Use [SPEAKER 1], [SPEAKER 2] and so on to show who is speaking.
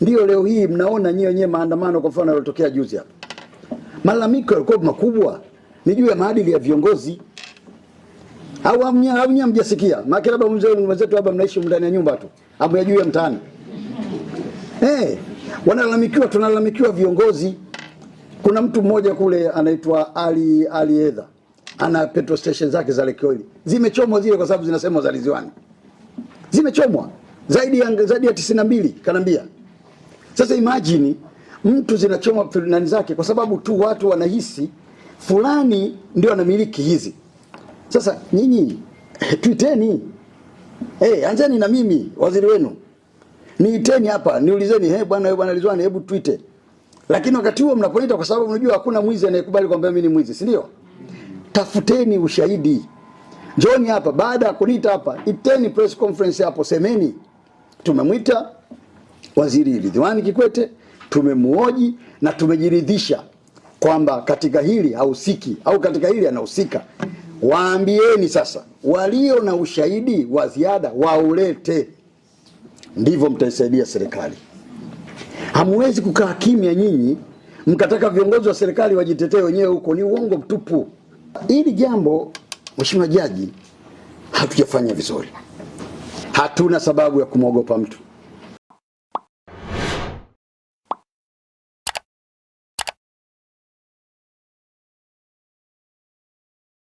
[SPEAKER 1] Ndio leo hii mnaona nyewe wenyewe maandamano kwa mfano yalotokea juzi hapa. Malalamiko yalikuwa makubwa ni juu ya maadili ya viongozi. Au au hamnya mjasikia. Maana labda mzee mwenzetu hapa mnaishi ndani ya nyumba tu. Hapo ya juu ya mtaani. Eh, hey, wanalalamikiwa tunalalamikiwa viongozi. Kuna mtu mmoja kule anaitwa Ali Ali Edha. Ana petrol station zake za Lake Oil. Zimechomwa zile kwa sababu zinasemwa za Liziwani Zimechomwa zaidi ya zaidi ya 92 kanambia. Sasa imagine mtu zinachoma nani zake kwa sababu tu watu wanahisi fulani ndio anamiliki hizi. Sasa nyinyi tuiteni, hey, eh, anzeni na mimi waziri wenu niiteni hapa niulizeni, hey, bwana wewe bwana Ridhiwani, hebu tuite. Lakini wakati huo mnapoita, kwa sababu mnajua hakuna mwizi anayekubali kwamba mimi ni mwizi, si ndio? Tafuteni ushahidi, njoni hapa. Baada ya kuniita hapa, iteni press conference hapo, semeni tumemwita Waziri Ridhiwani Kikwete, tumemuoji na tumejiridhisha kwamba katika hili hahusiki au katika hili anahusika. Waambieni sasa, walio na ushahidi wa ziada waulete, ndivyo mtaisaidia serikali. Hamwezi kukaa kimya nyinyi mkataka viongozi wa serikali wajitetee wenyewe huko, ni uongo mtupu. Hili jambo Mheshimiwa Jaji, hatujafanya vizuri. Hatuna sababu ya kumwogopa mtu.